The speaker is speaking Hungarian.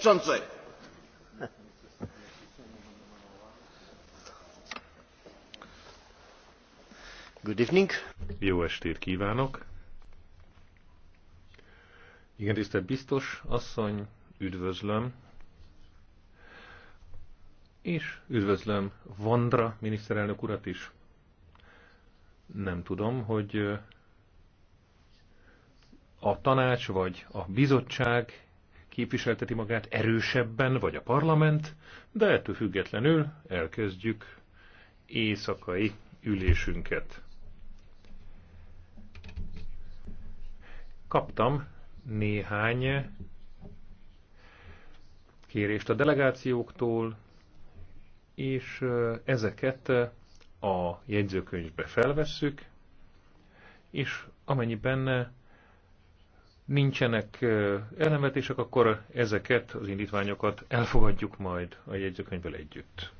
przewodniczący! Good evening. Jó estét kívánok! Igen, tisztelt biztos asszony, üdvözlöm. És üdvözlöm Vandra miniszterelnök urat is. Nem tudom, hogy a tanács vagy a bizottság képviselteti magát erősebben, vagy a parlament, de ettől függetlenül elkezdjük éjszakai ülésünket. Kaptam néhány kérést a delegációktól, és ezeket a jegyzőkönyvbe felvesszük, és amennyiben nincsenek ellenvetések, akkor ezeket az indítványokat elfogadjuk majd a jegyzőkönyvvel együtt.